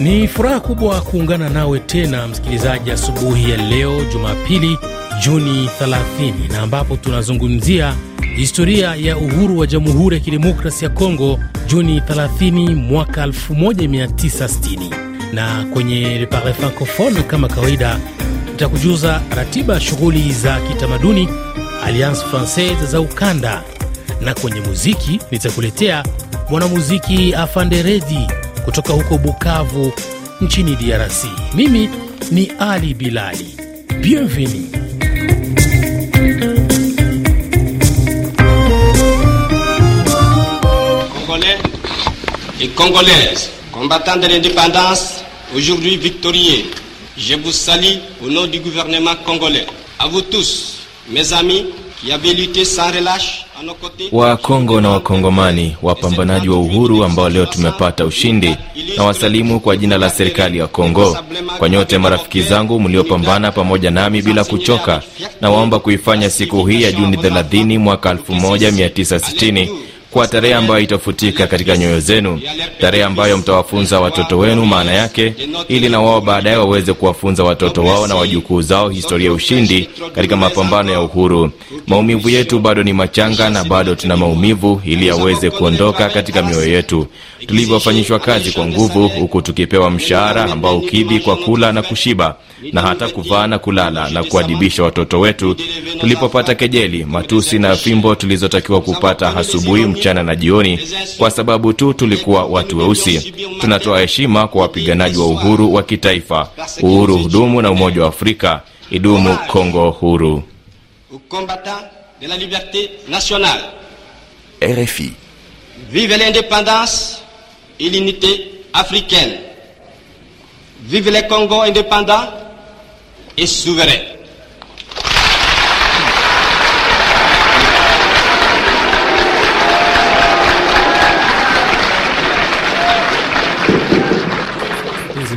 Ni furaha kubwa kuungana nawe tena msikilizaji, asubuhi ya leo Jumapili Juni 30 na ambapo tunazungumzia historia ya uhuru wa Jamhuri ya Kidemokrasi ya Kongo Juni 30 mwaka 1960. Na kwenye Le Parle Francophone, kama kawaida, nitakujuza ratiba ya shughuli za kitamaduni Alliance Francaise za ukanda, na kwenye muziki nitakuletea mwanamuziki Afande Redi nchini Mimi Bilali. Bienvenue. Congolais et Congolaises, combattants de l'indépendance, aujourd'hui victorieux, je vous salue au nom du gouvernement congolais. À vous tous, mes amis, qui avez lutté sans relâche Wakongo na Wakongomani, wapambanaji wa uhuru ambao leo tumepata ushindi, na wasalimu kwa jina la serikali ya Kongo. Kwa nyote marafiki zangu mliopambana pamoja nami bila kuchoka, nawaomba kuifanya siku hii ya Juni 30 mwaka 1960 kwa tarehe ambayo itafutika katika nyoyo zenu, tarehe ambayo mtawafunza watoto wenu maana yake, ili na wao baadaye waweze kuwafunza watoto wao na wajukuu zao historia ya ushindi katika mapambano ya uhuru. Maumivu yetu bado ni machanga na bado tuna maumivu, ili yaweze kuondoka katika mioyo yetu. Tulivyofanyishwa kazi kwa nguvu, huku tukipewa mshahara ambao ukidhi kwa kula na kushiba na hata kuvaa na kulala na kuadibisha watoto wetu tulipopata kejeli, matusi na fimbo tulizotakiwa kupata asubuhi, mchana na jioni, kwa sababu tu tulikuwa watu weusi. Tunatoa heshima kwa wapiganaji wa uhuru wa kitaifa. Uhuru hudumu na Umoja wa Afrika. Idumu Kongo huru. RFI. Vive l'indépendance et l'unité africaine. Vive Congo et souverain.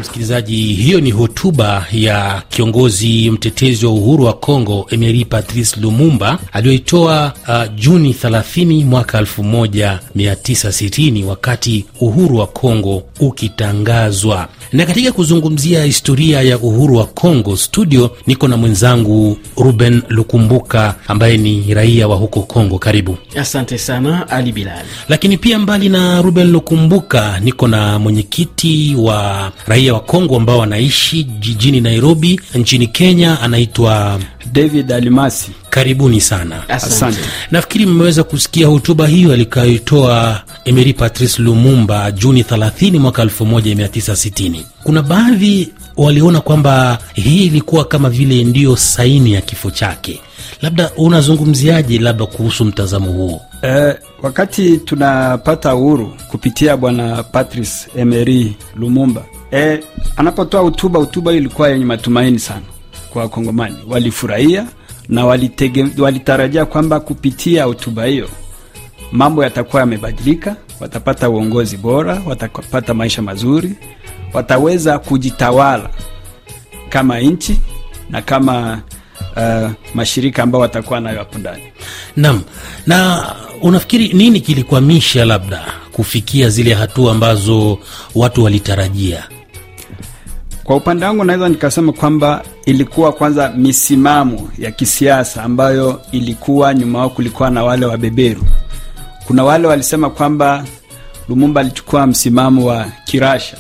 Msikilizaji, hiyo ni hotuba ya kiongozi mtetezi wa uhuru wa Kongo Emery Patrice Lumumba aliyoitoa uh, Juni 30 mwaka 1960 wakati uhuru wa Kongo ukitangazwa. Na katika kuzungumzia historia ya uhuru wa Kongo, studio niko na mwenzangu Ruben Lukumbuka ambaye ni raia wa huko Kongo. Karibu. Asante sana Ali Bilal. Lakini pia mbali na Ruben Lukumbuka, niko na mwenyekiti wa raia wa Kongo ambao anaishi jijini Nairobi nchini Kenya, anaitwa David Alimasi. Karibuni sana. Asante. Nafikiri mmeweza kusikia hotuba hiyo alikayoitoa Emery Patrice Lumumba Juni 30 mwaka 1960. Kuna baadhi waliona kwamba hii ilikuwa kama vile ndiyo saini ya kifo chake. Labda unazungumziaje labda kuhusu mtazamo huo? Eh, wakati tunapata uhuru kupitia bwana Patrice Emery Lumumba eh, anapotoa hotuba, hotuba ilikuwa yenye matumaini sana kwa Wakongomani, walifurahia na walitege, walitarajia kwamba kupitia hotuba hiyo mambo yatakuwa yamebadilika, watapata uongozi bora, watapata maisha mazuri, wataweza kujitawala kama nchi na kama uh, mashirika ambayo watakuwa nayo hapo ndani. Naam. Na unafikiri nini kilikwamisha labda kufikia zile hatua ambazo watu walitarajia? Kwa upande wangu naweza nikasema kwamba ilikuwa kwanza misimamo ya kisiasa ambayo ilikuwa nyuma yao, kulikuwa na wale wabeberu. Kuna wale walisema kwamba Lumumba alichukua msimamo wa kirasha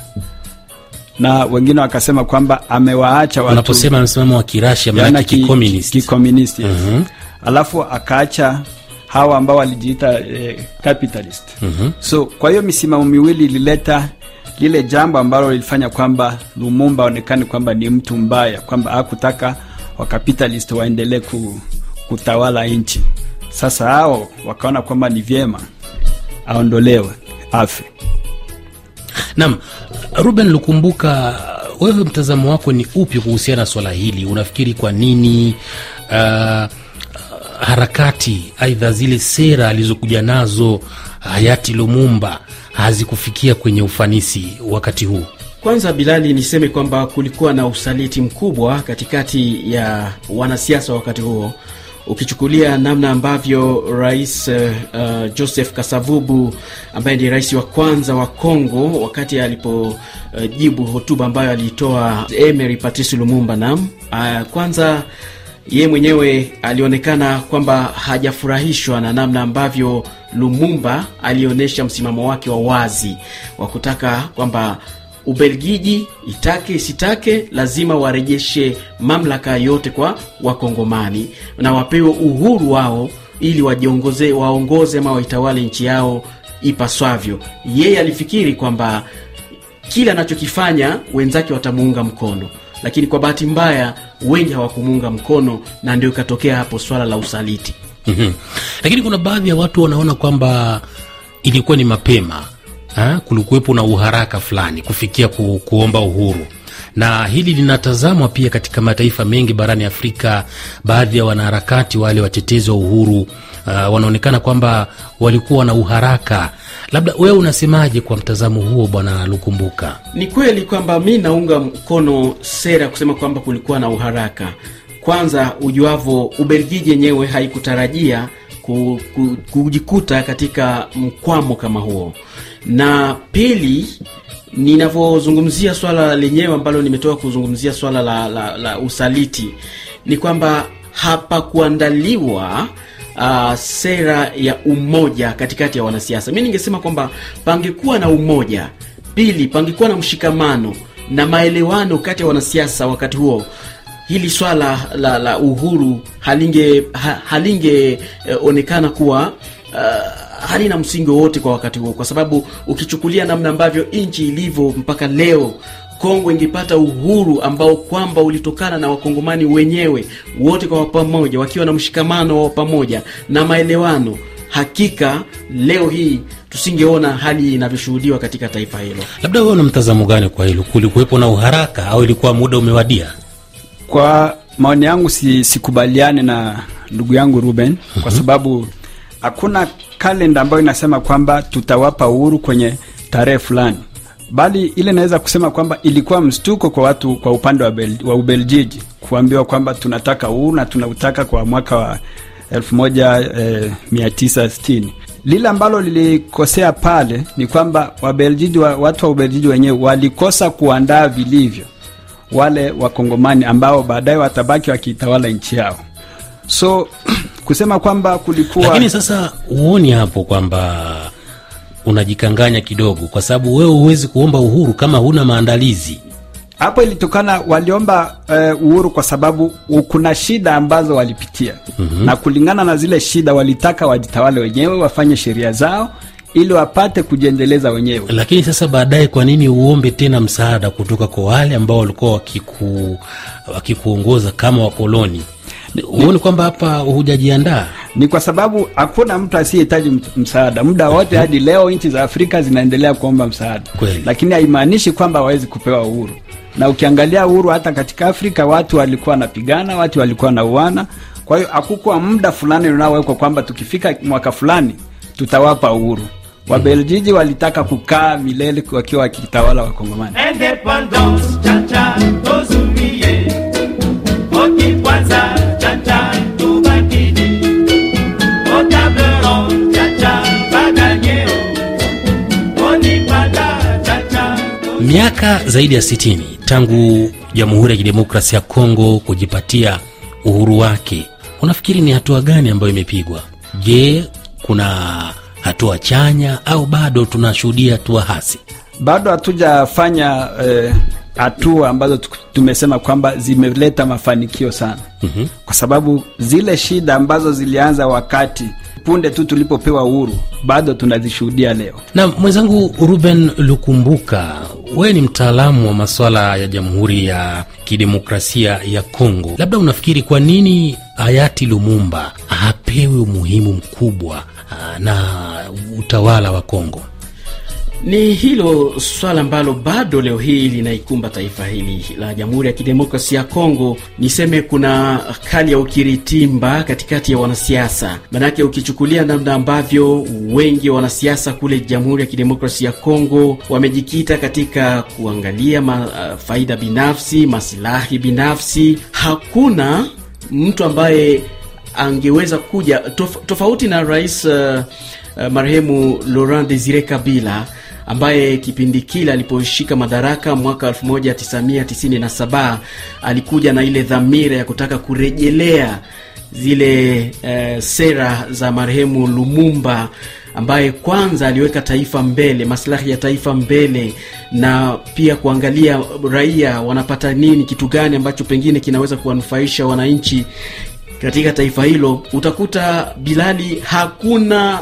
na wengine wakasema kwamba amewaacha watu. Unaposema msimamo wa kirasha maana yaani kikomunisti, kikomunisti. Mhm. Alafu akaacha hawa ambao walijiita eh, capitalist. Uh-huh. So kwa hiyo misimamo miwili ilileta lile jambo ambalo lilifanya kwamba Lumumba aonekane kwamba ni mtu mbaya, kwamba hakutaka wakapitalist waendelee ku, kutawala nchi. Sasa hao wakaona kwamba ni vyema aondolewe, afe. Naam, Ruben Lukumbuka, wewe mtazamo wako ni upi kuhusiana na swala hili? Unafikiri kwa nini uh, harakati aidha zile sera alizokuja nazo hayati Lumumba hazikufikia kwenye ufanisi wakati huu? Kwanza Bilali, niseme kwamba kulikuwa na usaliti mkubwa katikati ya wanasiasa wakati huo, ukichukulia namna ambavyo rais uh, Joseph Kasavubu ambaye ni rais wa kwanza wa Kongo wakati alipojibu eh, uh, hotuba ambayo aliitoa Emery Patrice Lumumba nam uh, kwanza yeye mwenyewe alionekana kwamba hajafurahishwa na namna ambavyo Lumumba alionyesha msimamo wake wa wazi wa kutaka kwamba Ubelgiji itake isitake lazima warejeshe mamlaka yote kwa Wakongomani na wapewe uhuru wao ili wajiongoze, waongoze ama waitawale nchi yao ipaswavyo. Yeye alifikiri kwamba kile anachokifanya wenzake watamuunga mkono, lakini kwa bahati mbaya wengi hawakumuunga mkono, na ndio ikatokea hapo swala la usaliti mm -hmm. Lakini kuna baadhi ya watu wanaona kwamba ilikuwa ni mapema, kulikuwepo na uharaka fulani kufikia ku, kuomba uhuru na hili linatazamwa pia katika mataifa mengi barani Afrika. Baadhi ya wanaharakati wale watetezi wa uhuru uh, wanaonekana kwamba walikuwa na uharaka. Labda wewe unasemaje kwa mtazamo huo, Bwana Lukumbuka? Ni kweli kwamba mi naunga mkono sera kusema kwamba kulikuwa na uharaka, kwanza ujuavo Ubelgiji yenyewe haikutarajia kujikuta katika mkwamo kama huo, na pili ninavyozungumzia swala lenyewe ambalo nimetoka kuzungumzia swala la, la, la usaliti ni kwamba hapakuandaliwa uh, sera ya umoja katikati ya wanasiasa. Mi ningesema kwamba pangekuwa na umoja, pili pangekuwa na mshikamano na maelewano kati ya wanasiasa wakati huo, hili swala la, la uhuru halinge ha, halingeonekana eh, uh, kuwa uh, halina msingi wowote kwa wakati huo, kwa sababu ukichukulia namna ambavyo nchi ilivyo mpaka leo Kongo ingepata uhuru ambao kwamba ulitokana na wakongomani wenyewe wote kwa pamoja, wakiwa na mshikamano wa pamoja na maelewano, hakika leo hii tusingeona hali inavyoshuhudiwa katika taifa hilo. Labda huwe na mtazamo gani kwa hilo? Kulikuwepo na uharaka au ilikuwa muda umewadia? Kwa maoni yangu si, na ndugu yangu Ruben kwa mhm. sababu hakuna kalenda ambayo inasema kwamba tutawapa uhuru kwenye tarehe fulani, bali ile naweza kusema kwamba ilikuwa mstuko kwa watu kwa upande wa, Bel, wa Ubeljiji kuambiwa kwamba tunataka uhuru na tunautaka kwa mwaka wa 1960. Eh, lile ambalo lilikosea pale ni kwamba Wabeljiji wa, watu wa Ubeljiji wenyewe walikosa kuandaa vilivyo wale wakongomani ambao baadaye watabaki wakiitawala nchi yao. So kusema kwamba kulikuwa, lakini sasa huoni hapo kwamba unajikanganya kidogo, kwa sababu wewe huwezi kuomba uhuru kama huna maandalizi. Hapo ilitokana waliomba uh, uhuru kwa sababu kuna shida ambazo walipitia mm -hmm. na kulingana na zile shida walitaka wajitawale wenyewe, wafanye sheria zao ili wapate kujiendeleza wenyewe. Lakini sasa baadaye, kwa nini uombe tena msaada kutoka kwa wale ambao walikuwa wakiku, wakikuongoza kama wakoloni? Huoni kwamba hapa hujajiandaa? Ni kwa sababu hakuna mtu asiyehitaji msaada muda wote. Hadi leo nchi za Afrika zinaendelea kuomba msaada kweli, lakini haimaanishi kwamba hawezi kupewa uhuru. Na ukiangalia uhuru hata katika Afrika watu walikuwa wanapigana, watu walikuwa wanauana. Kwa hiyo hakukuwa muda fulani unaowekwa kwamba tukifika mwaka fulani tutawapa uhuru. Wabeljiji walitaka kukaa milele wakiwa wakitawala Wakongomani. Miaka zaidi ya 60 tangu Jamhuri ya Kidemokrasia ya Kongo kujipatia uhuru wake, unafikiri ni hatua gani ambayo imepigwa? Je, kuna hatua chanya au bado tunashuhudia hatua hasi? Bado hatujafanya eh, hatua ambazo tumesema kwamba zimeleta mafanikio sana mm -hmm. Kwa sababu zile shida ambazo zilianza wakati punde tu tulipopewa uhuru bado tunazishuhudia leo. Na mwenzangu Ruben Lukumbuka, wewe ni mtaalamu wa masuala ya Jamhuri ya Kidemokrasia ya Kongo, labda unafikiri kwa nini hayati Lumumba hapewi umuhimu mkubwa Ah, na utawala wa Kongo. Ni hilo swala ambalo bado leo hii linaikumba taifa hili la Jamhuri ya Kidemokrasia ya Kongo. Niseme kuna hali ya ukiritimba katikati ya wanasiasa, manake ukichukulia namna ambavyo wengi wa wanasiasa kule Jamhuri ya Kidemokrasia ya Kongo wamejikita katika kuangalia ma, uh, faida binafsi, masilahi binafsi. Hakuna mtu ambaye angeweza kuja tof, tofauti na rais uh, uh, marehemu Laurent Desire Kabila ambaye kipindi kile aliposhika madaraka mwaka 1997 alikuja na ile dhamira ya kutaka kurejelea zile uh, sera za marehemu Lumumba ambaye kwanza aliweka taifa mbele, maslahi ya taifa mbele, na pia kuangalia raia wanapata nini, kitu gani ambacho pengine kinaweza kuwanufaisha wananchi katika taifa hilo, utakuta Bilali, hakuna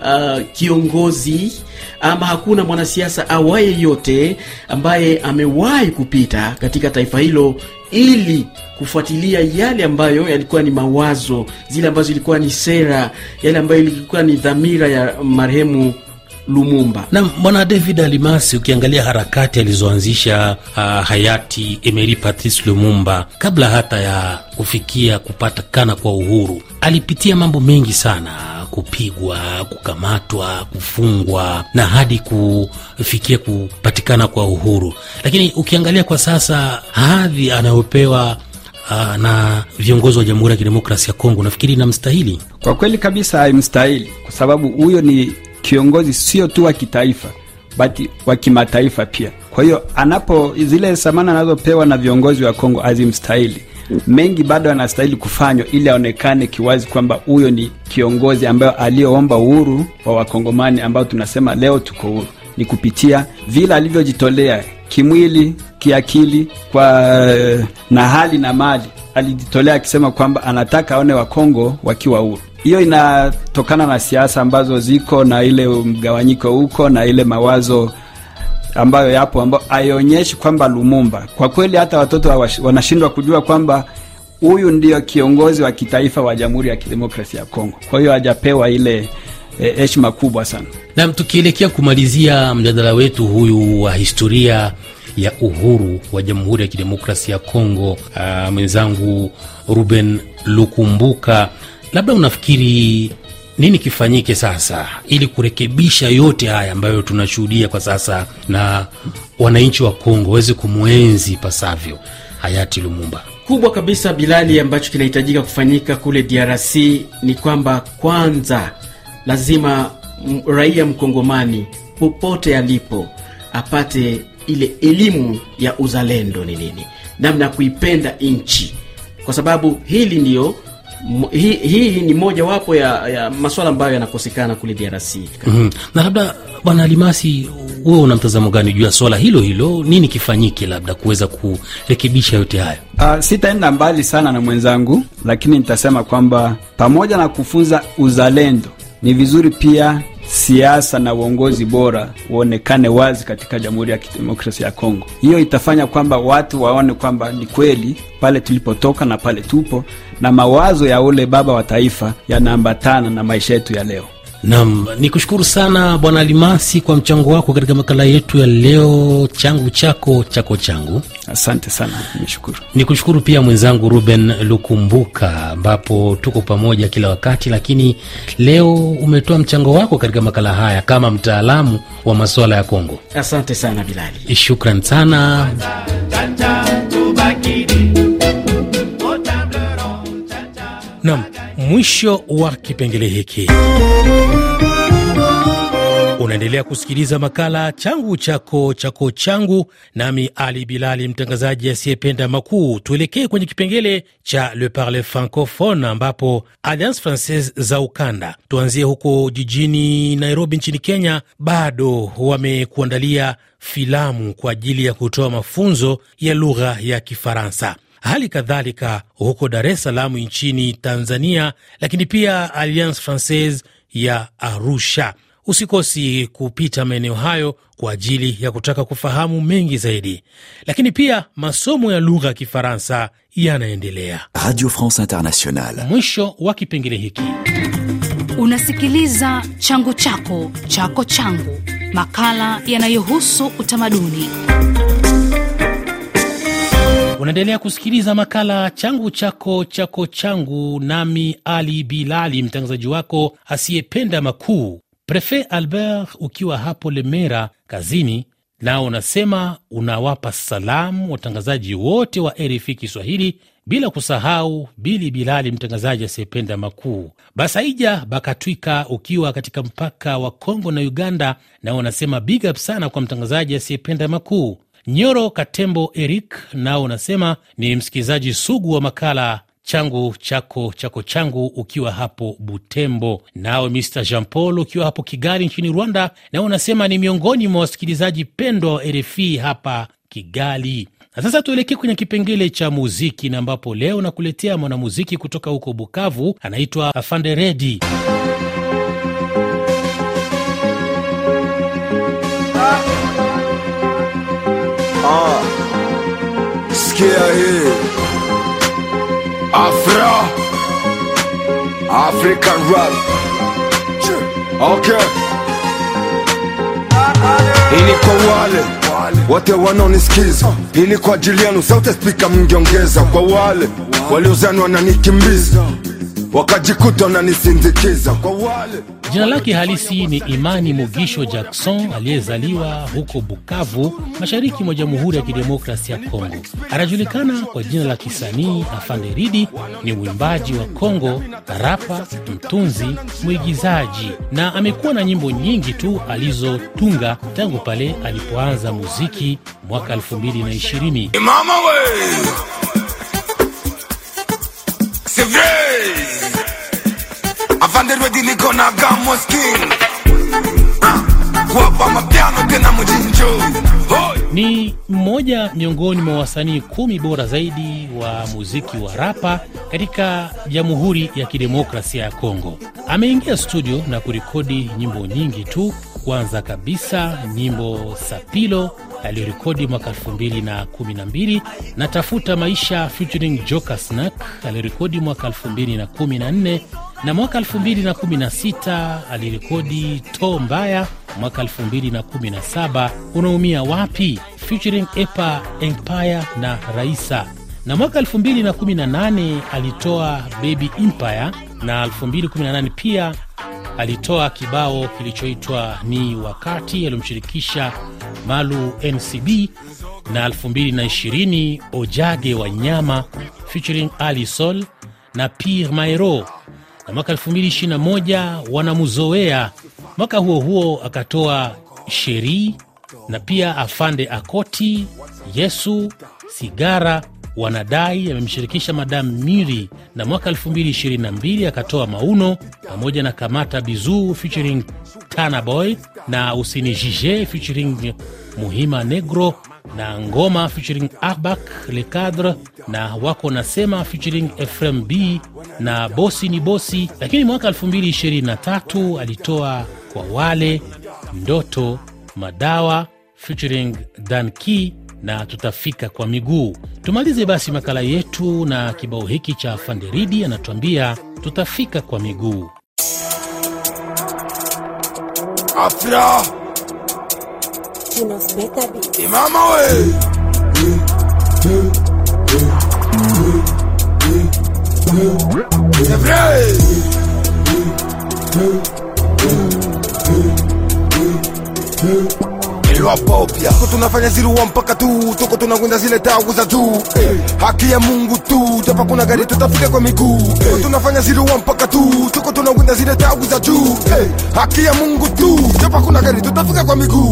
uh, kiongozi ama hakuna mwanasiasa awaye yote ambaye amewahi kupita katika taifa hilo ili kufuatilia yale ambayo yalikuwa ni mawazo, zile ambazo ilikuwa ni sera, yale ambayo ilikuwa ni dhamira ya marehemu Lumumba. Na bwana David Alimasi, ukiangalia harakati alizoanzisha uh, hayati Emeri Patrice Lumumba kabla hata ya kufikia kupatikana kwa uhuru, alipitia mambo mengi sana, kupigwa, kukamatwa, kufungwa na hadi kufikia kupatikana kwa uhuru. Lakini ukiangalia kwa sasa hadhi anayopewa ah, na viongozi wa Jamhuri ya Kidemokrasia ya Kongo, nafikiri inamstahili kwa kweli kabisa, haimstahili kwa sababu huyo ni kiongozi sio tu wa kitaifa bali wa kimataifa pia. Kwa hiyo anapo zile samana anazopewa na viongozi wa Kongo azimstahili mengi bado anastahili kufanywa ili aonekane kiwazi kwamba huyo ni kiongozi ambayo aliyoomba uhuru wa Wakongomani ambao tunasema leo tuko huru, ni kupitia vile alivyojitolea kimwili, kiakili kwa eh, na hali na mali. Alijitolea akisema kwamba anataka aone Wakongo wakiwa huru hiyo inatokana na siasa ambazo ziko na ile mgawanyiko huko na ile mawazo ambayo yapo ambayo haionyeshi kwamba Lumumba kwa kweli, hata watoto wanashindwa kujua kwamba huyu ndio kiongozi wa kitaifa wa Jamhuri ya Kidemokrasia ya Kongo. Kwa hiyo hajapewa ile e, heshima e, kubwa sana. Nam, tukielekea kumalizia mjadala wetu huyu wa historia ya uhuru wa Jamhuri ya Kidemokrasia ya Kongo, mwenzangu Ruben Lukumbuka Labda unafikiri nini kifanyike sasa ili kurekebisha yote haya ambayo tunashuhudia kwa sasa na wananchi wa Kongo waweze kumwenzi pasavyo hayati Lumumba? Kubwa kabisa Bilali, ambacho kinahitajika kufanyika kule DRC ni kwamba kwanza lazima raia mkongomani popote alipo apate ile elimu ya uzalendo ni nini, namna ya kuipenda nchi, kwa sababu hili ndiyo hii hi, ni mojawapo ya, ya maswala ambayo yanakosekana kule DRC. mm -hmm. Na labda Bwana Alimasi, wewe una mtazamo gani juu ya swala hilo hilo? Nini kifanyike labda kuweza kurekebisha yote hayo? Uh, sitaenda mbali sana na mwenzangu, lakini nitasema kwamba pamoja na kufunza uzalendo ni vizuri pia siasa na uongozi bora uonekane wazi katika Jamhuri ya Kidemokrasia ya Kongo. Hiyo itafanya kwamba watu waone kwamba ni kweli pale tulipotoka na pale tupo, na mawazo ya ule baba wa taifa yanaambatana na maisha yetu ya leo ni kushukuru sana Bwana Alimasi kwa mchango wako katika makala yetu ya leo, changu chako chako changu. Asante sana, nishukuru. kushukuru pia mwenzangu Ruben Lukumbuka, ambapo tuko pamoja kila wakati, lakini leo umetoa mchango wako katika makala haya kama mtaalamu wa masuala ya Kongo. Asante sana Bilali, shukran sana Nam mwisho wa kipengele hiki. Unaendelea kusikiliza makala changu chako chako changu, nami Ali Bilali, mtangazaji asiyependa makuu. Tuelekee kwenye kipengele cha Le Parle Francophone, ambapo Alliance Francaise za ukanda, tuanzie huko jijini Nairobi nchini Kenya. Bado wamekuandalia filamu kwa ajili ya kutoa mafunzo ya lugha ya Kifaransa hali kadhalika huko Dar es Salaam nchini Tanzania, lakini pia Alliance Francaise ya Arusha. Usikosi kupita maeneo hayo kwa ajili ya kutaka kufahamu mengi zaidi, lakini pia masomo ya lugha ya Kifaransa yanaendelea. Radio France Internationale. Mwisho wa kipengele hiki unasikiliza changu chako chako changu, makala yanayohusu utamaduni. Unaendelea kusikiliza makala changu chako chako changu, nami Ali Bilali, mtangazaji wako asiyependa makuu. Prefe Albert, ukiwa hapo Lemera kazini, nao unasema unawapa salamu watangazaji wote wa RFI Kiswahili, bila kusahau Bili Bilali, mtangazaji asiyependa makuu. Basaija Bakatwika, ukiwa katika mpaka wa congo na Uganda, nao unasema big up sana kwa mtangazaji asiyependa makuu. Nyoro Katembo Eric nao unasema ni msikilizaji sugu wa makala changu chako chako changu, ukiwa hapo Butembo. Nawe Mr Jean Paul ukiwa hapo Kigali nchini Rwanda, nao unasema ni miongoni mwa wasikilizaji pendwa wa RFI hapa Kigali. Na sasa tuelekee kwenye kipengele cha muziki, na ambapo leo nakuletea mwanamuziki kutoka huko Bukavu, anaitwa Fanderedi. Ah, sikia hii Afra African rap okay. Ini kwa wale wote wanaonisikiza, ili kwa ajili yenu sauti spika mngeongeza. Kwa wale waliozani wananikimbiza, wakajikuta wananisindikiza, kwa wale Jina lake halisi ni Imani Mugisho Jackson, aliyezaliwa huko Bukavu, mashariki mwa Jamhuri ya kidemokrasi ya Kongo. Anajulikana kwa jina la kisanii Afande Ridi. Ni mwimbaji wa Kongo, rapa, mtunzi, mwigizaji na amekuwa na nyimbo nyingi tu alizotunga tangu pale alipoanza muziki mwaka 2020. Mama we! avande rwedi liko na gamo skin kuwapa ah, mapiano tena mjinjo ni mmoja miongoni mwa wasanii kumi bora zaidi wa muziki wa rapa katika Jamhuri ya Kidemokrasia ya Kongo. Ameingia studio na kurekodi nyimbo nyingi tu. Kwanza kabisa nyimbo Sapilo aliyorekodi mwaka 2012 na Tafuta Maisha featuring Joker Snack aliyorekodi mwaka 2014 na mwaka 2016 alirekodi to mbaya. Mwaka 2017 unaumia wapi featuring Epa Empire na Raisa, na mwaka 2018 alitoa Baby Empire na 2018 pia alitoa kibao kilichoitwa ni wakati aliyomshirikisha Malu NCB na 2020 Ojage wa nyama featuring Ali Sol na Pierre Mairo na mwaka 2021 wanamuzowea. Mwaka huo huo akatoa Sheri na pia Afande Akoti, Yesu, Sigara Wanadai amemshirikisha Madam Miri na mwaka 2022 akatoa Mauno pamoja na Kamata bizuu featuring Tanaboy na Jije featuring Muhima Negro na Ngoma featuring Arbak Le Cadre na wako nasema featuring fmb B na Bosi ni Bosi. Lakini mwaka 2023 alitoa kwa wale ndoto madawa featuring Danki na tutafika kwa miguu. Tumalize basi makala yetu na kibao hiki cha Fanderidi anatuambia tutafika kwa miguu Afra. You know better be. Imama we. Iliwapa upya tunafanya ziruwa mpaka tu tuko tunagwinda zile tawu za juu hey. Haki ya Mungu tu japa kuna gari tutafika kwa miguu hey. Tunafanya ziruwa mpaka tu tuko tunagwinda zile tawu za juu hey. Haki ya Mungu tu japa kuna gari tutafika kwa miguu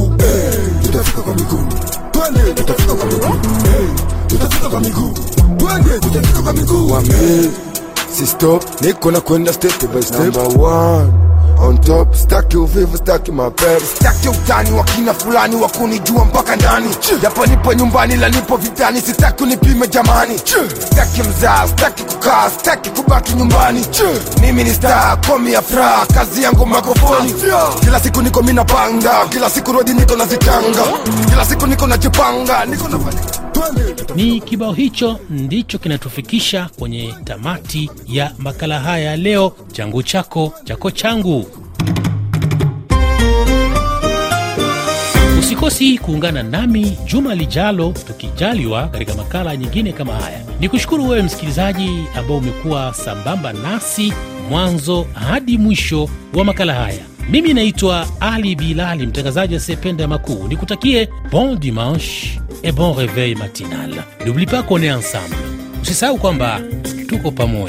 kwa miguu wa mimi si stop niko na kwenda step by step number one on top staki uvivu staki mapema staki utani wa kina fulani wa kunijua mpaka ndani japo nipo nyumbani la nipo vitani sitaki unipime jamani staki mzaa staki kukaa staki kubaki nyumbani mimi ni star komi ya fra kazi yangu makofoni kila siku niko minapanga kila siku rodi niko nazitanga kila siku niko najipanga niko nafanya ni kibao hicho ndicho kinatufikisha kwenye tamati ya makala haya leo, changu chako chako changu. Usikosi kuungana nami juma lijalo, tukijaliwa, katika makala nyingine kama haya. Ni kushukuru wewe msikilizaji ambao umekuwa sambamba nasi mwanzo hadi mwisho wa makala haya. Mimi naitwa Ali Bilali, mtangazaji asiyependa makuu. Nikutakie bon dimanche et bon réveil matinal. N'oublie pas qu'on est ensemble, C'est ça quoi, Tout copain moi.